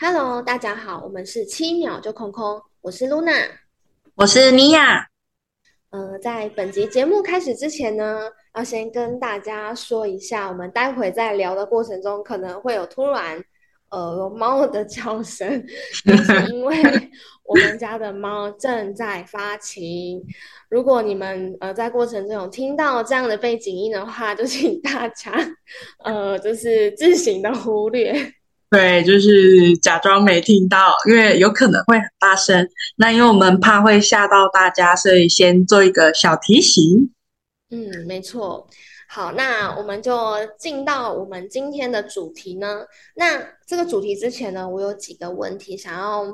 Hello，大家好，我們是七秒就空空，我是嚕那，我是尼婭。嗯、呃，在本集節目開始之前呢，要先跟大家說一下，我們待會在聊的過程中可能會有突然。呃，貓的叫聲、就是、因為我們家的貓正在發情。 如果你們呃在過程中有聽到這樣的背景音的話，就請大家呃就是自行的忽略。對，就是假裝沒聽到，因為有可能會很大聲。那因為我們怕會嚇到大家，所以先做一個小提醒。嗯，沒錯。好，那我們就進到我們今天的主題呢。那這個主題之前呢，我有幾個問題想要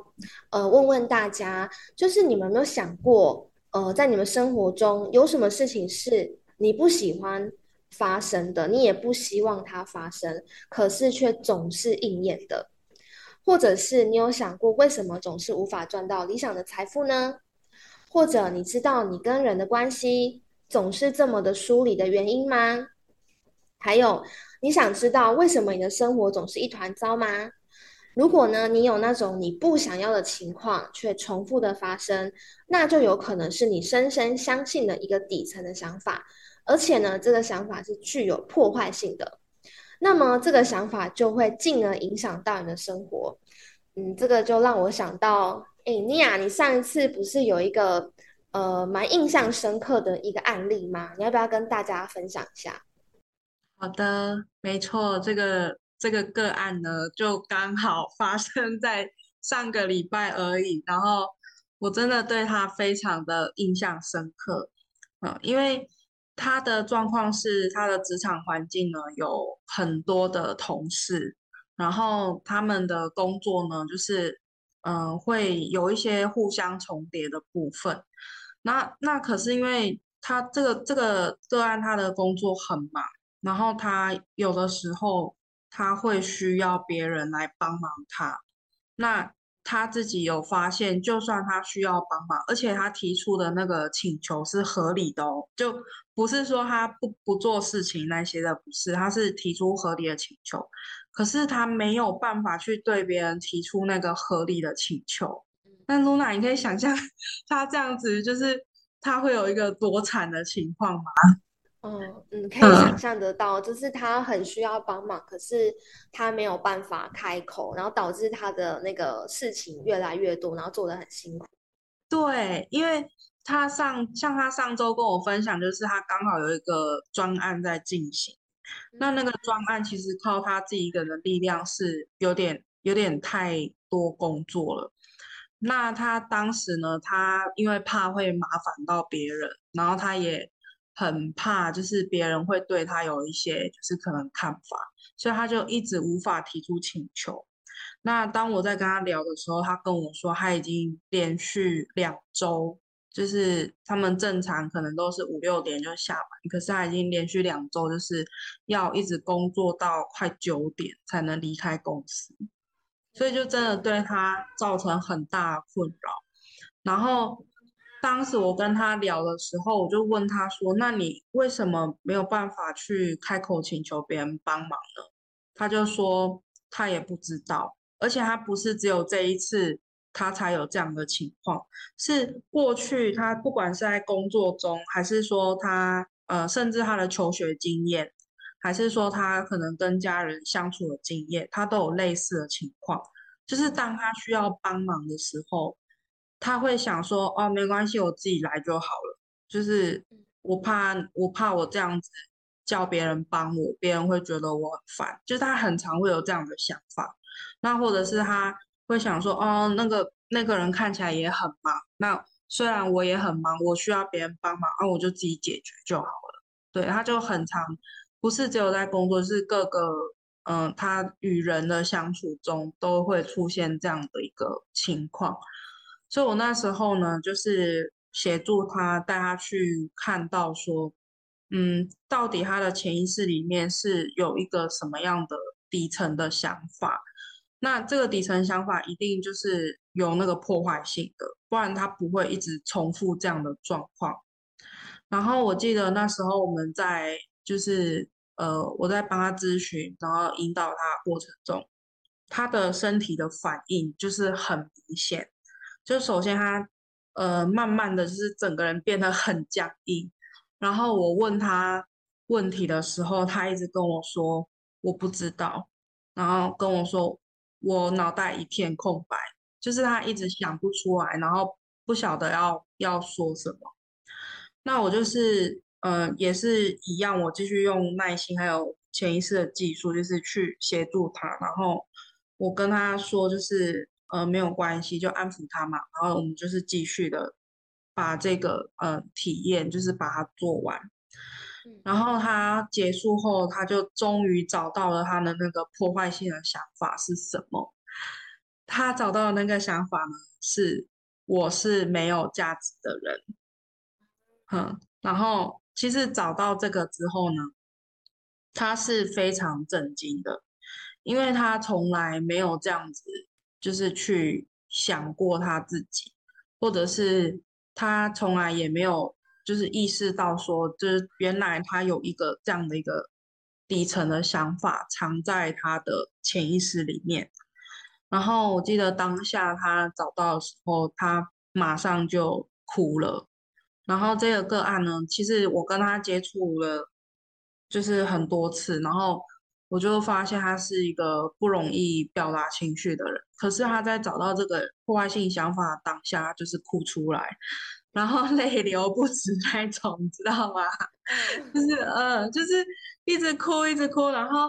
呃問問大家，就是你們有沒有想過，呃，在你們生活中有什麼事情是你不喜歡發生的，你也不希望它發生，可是卻總是應驗的？或者是你有想過，為什麼總是無法賺到理想的財富呢？或者你知道你跟人的關係？總是這麼的疏離的原因嗎？還有，你想知道為什麼你的生活總是一團糟嗎？如果呢，你有那種你不想要的情況卻重複的發生，那就有可能是你深深相信的一個底層的想法，而且呢，這個想法是具有破壞性的。那麼這個想法就會進而影響到你的生活。嗯，這個就讓我想到，哎、欸，尼婭，你上一次不是有一個？呃，蠻印象深刻的一個案例嗎？你要不要跟大家分享一下？好的，沒錯，這個這個個案呢，就剛好發生在上個禮拜而已。然後我真的對他非常的印象深刻，呃，因為他的狀況是他的職場環境呢，有很多的同事，然後他們的工作呢就是，呃，會有一些互相重疊的部分。那那可是因為他這個這個個案，他的工作很忙，然後他有的時候他會需要別人來幫忙他。那他自己有發現，就算他需要幫忙，而且他提出的那個請求是合理的，哦，就不是說他不不做事情那些的，不是，他是提出合理的請求，可是他沒有辦法去對別人提出那個合理的請求。但 Luna，你可以想象他這樣子，就是他會有一個多慘的情況嗎？嗯嗯，可以想象得到， 就是他很需要幫忙，可是他沒有辦法開口，然後導致他的那個事情越來越多，然後做得很辛苦。對，因為他上像他上周跟我分享，就是他剛好有一個專案在進行，嗯、那那個專案其實靠他自己一個人的力量是有點有點太多工作了。那他當時呢，他因為怕會麻煩到別人，然後他也很怕，就是別人會對他有一些就是可能看法，所以他就一直無法提出請求。那當我在跟他聊的時候，他跟我說他已經連續兩週，就是他們正常可能都是五六點就下班，可是他已經連續兩週就是要一直工作到快九點才能離開公司。所以就真的對他造成很大困擾，然後當時我跟他聊的時候，我就問他說：“那你為什麼沒有辦法去開口請求別人幫忙呢？”他就說他也不知道，而且他不是只有這一次他才有這樣的情況，是過去他不管是在工作中，還是說他呃，甚至他的求學經驗。還是說他可能跟家人相處的經驗，他都有類似的情況，就是當他需要幫忙的時候，他會想說：“哦，沒關係，我自己來就好了。”就是我怕，我怕我這樣子叫別人幫我，別人會覺得我很煩，就是他很常會有這樣的想法。那或者是他會想說：“哦，那個那個人看起來也很忙，那雖然我也很忙，我需要別人幫忙，那，啊，我就自己解決就好了。”對，他就很常。不是只有在工作，是各個嗯、呃，他與人的相處中都會出現這樣的一個情況。所以我那時候呢，就是協助他帶他去看到說，嗯，到底他的潛意識裡面是有一個什麼樣的底層的想法。那這個底層想法一定就是有那個破壞性的，不然他不會一直重複這樣的狀況。然後我記得那時候我們在就是。呃，我在幫他諮詢，然後引導他的過程中，他的身體的反應就是很明顯。就首先他，呃，慢慢的就是整個人變得很僵硬。然後我問他問題的時候，他一直跟我說我不知道，然後跟我說我腦袋一片空白，就是他一直想不出來，然後不曉得要要說什麼。那我就是。呃，也是一樣，我繼續用耐心，還有潛意識的技術，就是去協助他。然後我跟他說，就是呃，沒有關係，就安撫他嘛。然後我們就是繼續的把這個呃體驗，就是把它做完。嗯。然後他結束後，他就終於找到了他的那個破壞性的想法是什麼。他找到的那個想法呢，是我是沒有價值的人。嗯，然後其實找到這個之後呢，他是非常震驚的，因為他從來沒有這樣子，就是去想過他自己，或者是他從來也沒有就是意識到說，就是原來他有一個這樣的一個底層的想法藏在他的潛意識裡面。然後我記得當下他找到的時候，他馬上就哭了。然後這個個案呢，其實我跟他接觸了，就是很多次，然後我就發現他是一個不容易表達情緒的人。可是他在找到這個破壞性想法當下，就是哭出來，然後淚流不止那種，你知道嗎？就是嗯，就是一直哭，一直哭。然後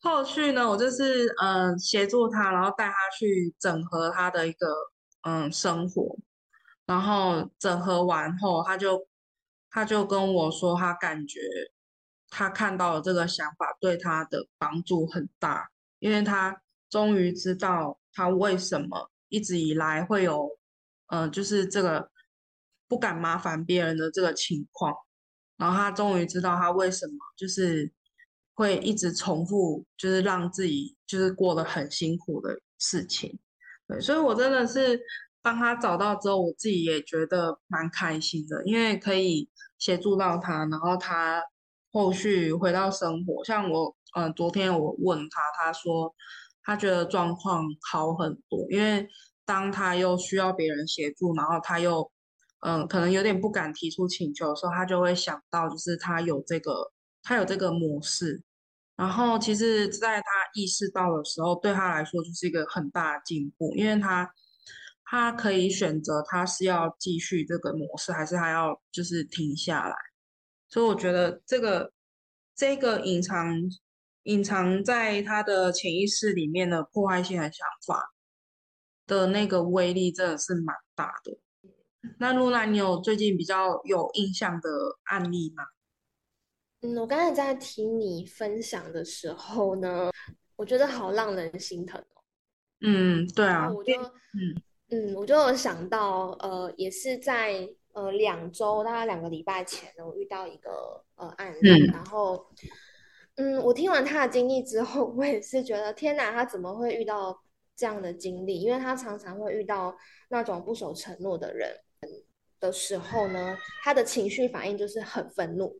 後續呢，我就是嗯，協助他，然後帶他去整合他的一個嗯生活。然後整合完後，他就他就跟我說，他感覺他看到這個想法對他的幫助很大，因為他終於知道他為什麼一直以來會有，嗯、呃，就是這個不敢麻煩別人的這個情況，然後他終於知道他為什麼就是會一直重複，就是讓自己就是過得很辛苦的事情，對，所以我真的是。幫他找到之後，我自己也覺得蠻開心的，因為可以協助到他，然後他後續回到生活。像我，嗯、呃，昨天我問他，他說他覺得狀況好很多，因為當他又需要別人協助，然後他又，嗯、呃，可能有點不敢提出請求的時候，他就會想到，就是他有這個，他有這個模式。然後其實，在他意識到的時候，對他來說就是一個很大的進步，因為他。他可以選擇，他是要繼續這個模式，還是他要就是停下來？所以我覺得這個這個隱藏隱藏在他的潛意識裡面的破壞性的想法的那個威力，真的是蠻大的。那嚕那，你有最近比較有印象的案例嗎？嗯，我剛才在聽你分享的時候呢，我覺得好讓人心疼哦。嗯，對啊，我就嗯。我嗯，我就有想到，呃，也是在呃兩周，大概兩個禮拜前，我遇到一個呃案例，然後，嗯，我聽完他的經歷之後，我也是覺得天哪，他怎麼會遇到這樣的經歷？因為他常常會遇到那種不守承諾的人的時候呢，他的情緒反應就是很憤怒，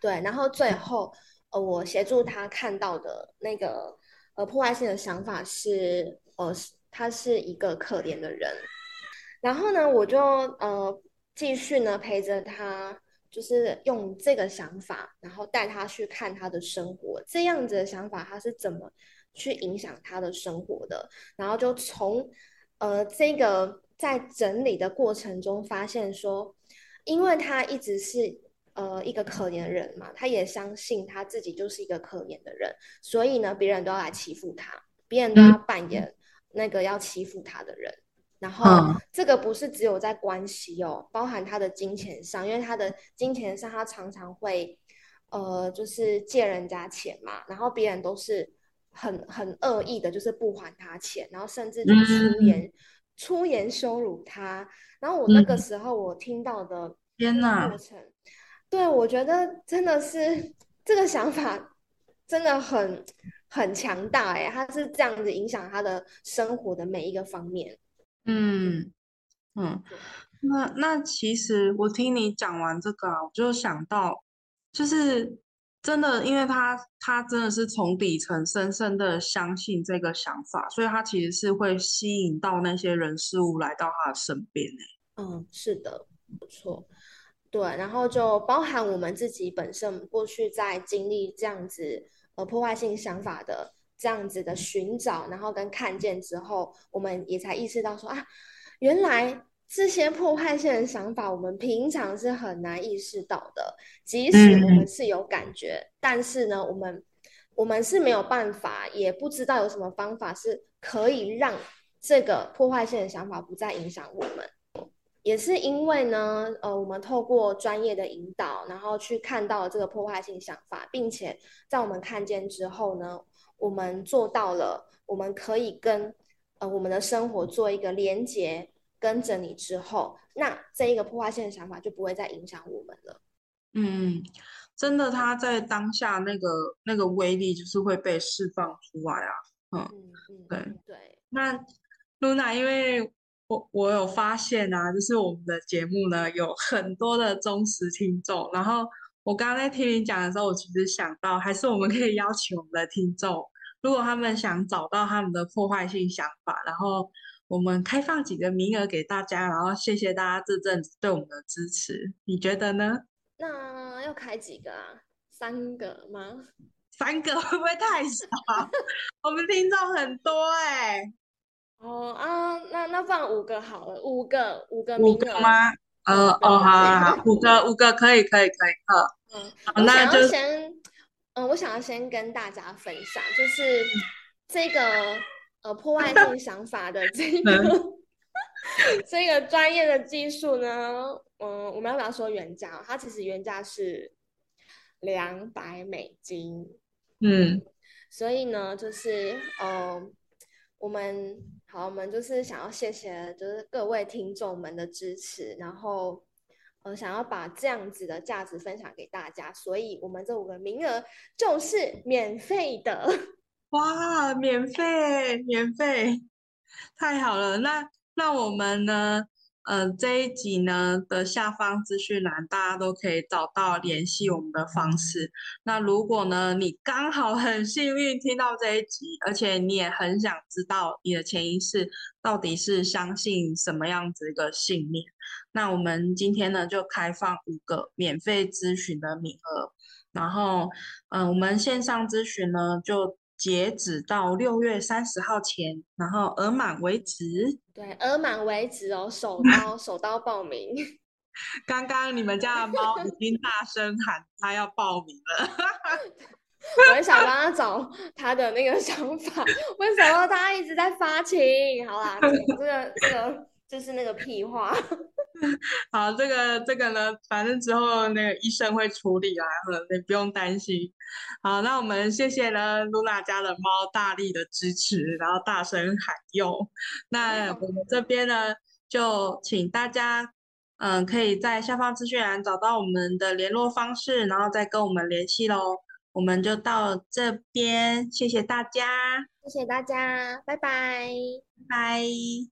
對，然後最後，呃，我協助他看到的那個呃破壞性的想法是，呃。他是一個可憐的人，然後呢，我就呃繼續呢陪着他，就是用這個想法，然後帶他去看他的生活，這樣子的想法他是怎麼去影響他的生活的，然後就從呃這個在整理的過程中發現說，因為他一直是呃一個可憐的人嘛，他也相信他自己就是一個可憐的人，所以呢，別人都要來欺負他，別人都要扮演。那個要欺負他的人，然後這個不是只有在關係哦，嗯、包含他的金錢上，因為他的金錢上，他常常會，呃，就是借人家錢嘛，然後別人都是很很惡意的，就是不還他錢，然後甚至就出言、嗯、出言羞辱他。然後我那個時候我聽到的過程，天哪。對，我覺得真的是這個想法真的很。很強大哎、欸，他是這樣子影響他的生活的每一個方面。嗯嗯，那那其實我聽你講完這個、啊，我就想到，就是真的，因為他他真的是從底層深深的相信這個想法，所以他其實是會吸引到那些人事物來到他的身邊、欸、嗯，是的，不錯。對，然後就包含我們自己本身過去在經歷這樣子。破壞性想法的這樣子的尋找，然後跟看見之後，我們也才意識到說啊，原來這些破壞性的想法，我們平常是很難意識到的。即使我們是有感覺，但是呢，我們我們是沒有辦法，也不知道有什麼方法是可以讓這個破壞性的想法不再影響我們。也是因為呢，呃，我們透過專業的引導，然後去看到了這個破壞性想法，並且在我們看見之後呢，我們做到了，我們可以跟呃我們的生活做一個連接，跟着你之後，那這一個破壞性的想法就不會再影響我們了。嗯，真的，他在當下那個那個威力就是會被釋放出來啊。嗯嗯，對對。對那嚕那，因為。我我有發現啊，就是我們的節目呢，有很多的忠實聽眾。然後我剛剛在聽你講的時候，我其實想到，還是我們可以邀請我們的聽眾，如果他們想找到他們的破壞性想法，然後我們開放幾個名額給大家。然後謝謝大家這陣子對我們的支持，你覺得呢？那要開幾個啊？三個嗎？三個會不會太少？ 我們聽眾很多哎、欸。哦啊，那那放五個好了，五個五個名額五個嗎？呃，哦，哦，對哦好，好對五，五個五個可以可以可以，可以可以嗯、好，嗯，那就先、是，嗯、呃，我想要先跟大家分享，就是這個呃破壞性想法的這個 這個專業的技術呢，嗯、呃，我們要不要說原價、哦？它其實原價是兩百美金，嗯，所以呢，就是嗯。呃我們好，我們就是想要謝謝，就是各位聽眾們的支持，然後，呃，想要把這樣子的價值分享給大家，所以我們這五個名額就是免費的，哇，免費，免費，太好了，那那我們呢？嗯、呃，這一集呢的下方資訊欄，大家都可以找到聯繫我們的方式。那如果呢，你剛好很幸運聽到這一集，而且你也很想知道你的潛意識到底是相信什麼樣子一個信念，那我們今天呢就開放五個免費諮詢的名額。然後，嗯、呃，我們線上諮詢呢就。截止到六月三十號前，然後額滿為止。對，額滿為止哦，手刀手刀報名。 剛剛你們家的貓已經大聲喊他要報名了， 我很想幫他找他的那個想法，為什麼他一直在發情？好啦，這個這個。 就是那個屁話， 好，這個這個呢，反正之後那個醫生會處理啦、啊，你不用擔心。好，那我們謝謝呢，嚕那家的貓大力的支持，然後大聲喊用。那我們這邊呢，就請大家，嗯、呃，可以在下方資訊欄找到我們的聯絡方式，然後再跟我們聯繫嘍。我們就到這邊，謝謝大家，謝謝大家，拜拜，拜拜。